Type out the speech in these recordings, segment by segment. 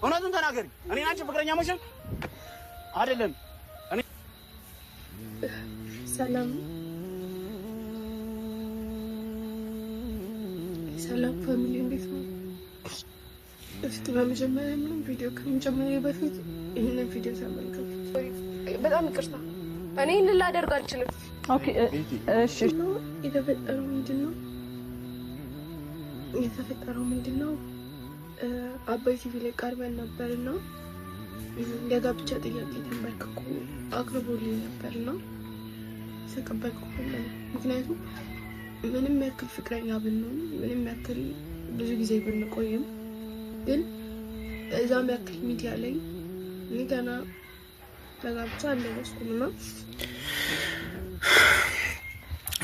እውነቱን ተናገሪ። እኔ ናቸው ፍቅረኛ መቼም አይደለም። ሰላም ሰላም ፋሚሊ እንዴት ነው? በፊት በመጀመሪያ ምንም ቪዲዮ ከመጀመሪያ በፊት ይህንን ቪዲዮ ተመልከቱት። በጣም ይቅርታ፣ እኔ ይህንን ላደርግ አልችልም። የተፈጠረው ምንድን ነው? የተፈጠረው ምንድን ነው? አባይ ቲቪ ላይ ቀርበን ነበር እና የጋብቻ ጥያቄ አቅርቦ አቅርቦልኝ ነበር እና ተቀበልኩለት። ምክንያቱም ምንም ያክል ፍቅረኛ ብንሆን ምንም ያክል ብዙ ጊዜ ብንቆይም ግን እዛም ያክል ሚዲያ ላይ ገና ለጋብቻ አልደረስኩም እና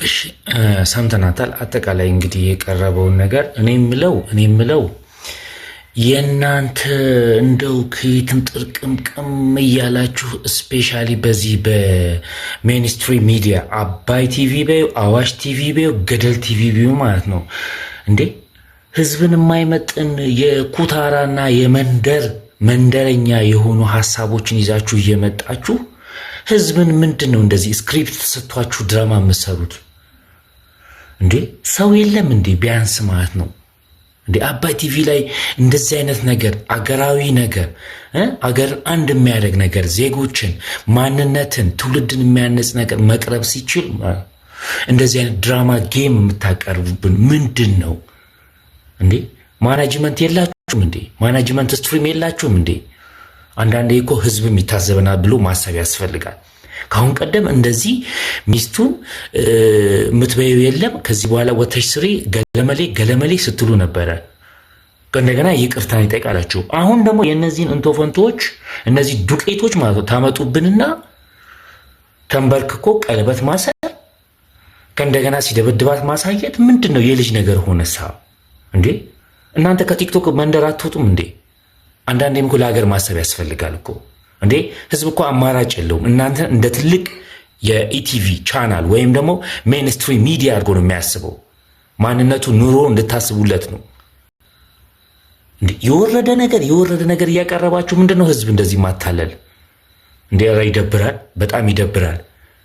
እሺ ሰምተናታል። አጠቃላይ እንግዲህ የቀረበውን ነገር እኔ የምለው እኔ የምለው የእናንተ እንደው ከየትም ጥርቅምቅም እያላችሁ ስፔሻሊ በዚህ በሜንስትሪ ሚዲያ አባይ ቲቪ በዩ፣ አዋሽ ቲቪ በዩ፣ ገደል ቲቪ በዩ ማለት ነው እንዴ ህዝብን የማይመጥን የኩታራና የመንደር መንደረኛ የሆኑ ሀሳቦችን ይዛችሁ እየመጣችሁ ህዝብን ምንድን ነው እንደዚህ ስክሪፕት ተሰጥቷችሁ ድራማ የምትሰሩት? እንዴ ሰው የለም እንዴ? ቢያንስ ማለት ነው እንዴ አባይ ቲቪ ላይ እንደዚህ አይነት ነገር አገራዊ ነገር አገር አንድ የሚያደርግ ነገር ዜጎችን፣ ማንነትን፣ ትውልድን የሚያነጽ ነገር መቅረብ ሲችል እንደዚህ አይነት ድራማ ጌም የምታቀርቡብን ምንድን ነው እንዴ? ማናጅመንት የላችሁም እንዴ? ማናጅመንት ስትሪም የላችሁም እንዴ? አንዳንዴ እኮ ህዝብም ይታዘበናል ብሎ ማሰብ ያስፈልጋል። ከአሁን ቀደም እንደዚህ ሚስቱ ምትበየው የለም ከዚህ በኋላ ወተሽ ስሪ ገለመሌ ገለመሌ ስትሉ ነበረ። እንደገና ይቅርታን ይጠይቃላችሁ። አሁን ደግሞ የእነዚህን እንቶፈንቶዎች እነዚህ ዱቄቶች ማለት ነው ታመጡብንና ተንበርክኮ ቀለበት ማሰር ከእንደገና ሲደበድባት ማሳየት ምንድን ነው? የልጅ ነገር ሳ እንዴ! እናንተ ከቲክቶክ መንደር አትወጡም እንዴ? አንዳንዴም እኮ ለሀገር ማሰብ ያስፈልጋል እኮ። እንዴ ህዝብ እኮ አማራጭ የለውም። እናንተ እንደ ትልቅ የኢቲቪ ቻናል ወይም ደግሞ ሜንስትሪ ሚዲያ አድርጎ ነው የሚያስበው። ማንነቱ ኑሮ እንድታስቡለት ነው። የወረደ ነገር የወረደ ነገር እያቀረባችሁ ምንድን ነው ህዝብ እንደዚህ ማታለል እንዴ? ራ ይደብራል፣ በጣም ይደብራል።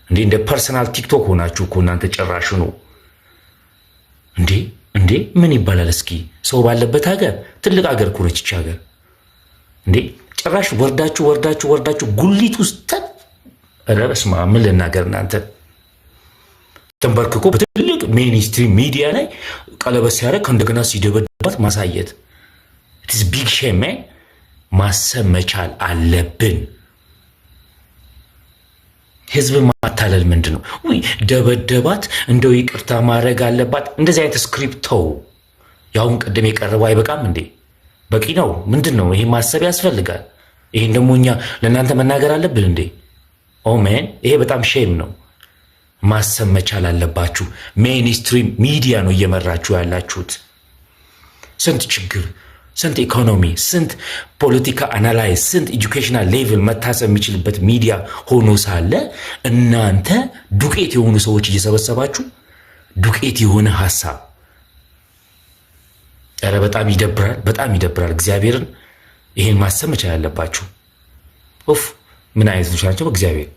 እንዴ እንደ ፐርሰናል ቲክቶክ ሆናችሁ እኮ እናንተ ጭራሹ ነው እንዴ እንዴ ምን ይባላል? እስኪ ሰው ባለበት ሀገር ትልቅ ሀገር እኮ ነች ይቺ ሀገር እንዴ ጭራሽ ወርዳችሁ ወርዳችሁ ወርዳችሁ ጉሊት ውስጥ ኧረ ምን ልናገር እናንተ ተንበርክኮ በትልቅ ሚኒስትሪ ሚዲያ ላይ ቀለበት ሲያደርግ እንደገና ሲደበድባት ማሳየት ኢትስ ቢግ ሼም ማሰብ መቻል አለብን። ህዝብ ማታለል ምንድን ነው? ውይ ደበደባት፣ እንደው ይቅርታ ማድረግ አለባት። እንደዚህ አይነት ስክሪፕቶው ያሁን ቅድም የቀረበው አይበቃም እንዴ? በቂ ነው። ምንድን ነው ይሄ? ማሰብ ያስፈልጋል። ይሄን ደግሞ እኛ ለእናንተ መናገር አለብን እንዴ? ኦሜን ይሄ በጣም ሼም ነው። ማሰብ መቻል አለባችሁ። ሜንስትሪም ሚዲያ ነው እየመራችሁ ያላችሁት። ስንት ችግር፣ ስንት ኢኮኖሚ፣ ስንት ፖለቲካ አናላይዝ፣ ስንት ኤጁኬሽናል ሌቭል መታሰብ የሚችልበት ሚዲያ ሆኖ ሳለ እናንተ ዱቄት የሆኑ ሰዎች እየሰበሰባችሁ ዱቄት የሆነ ሀሳብ ኧረ በጣም ይደብራል፣ በጣም ይደብራል እግዚአብሔርን ይሄን ማሰብ መቻል አለባችሁ። ኡፍ ምን አይነቶች ናቸው እግዚአብሔር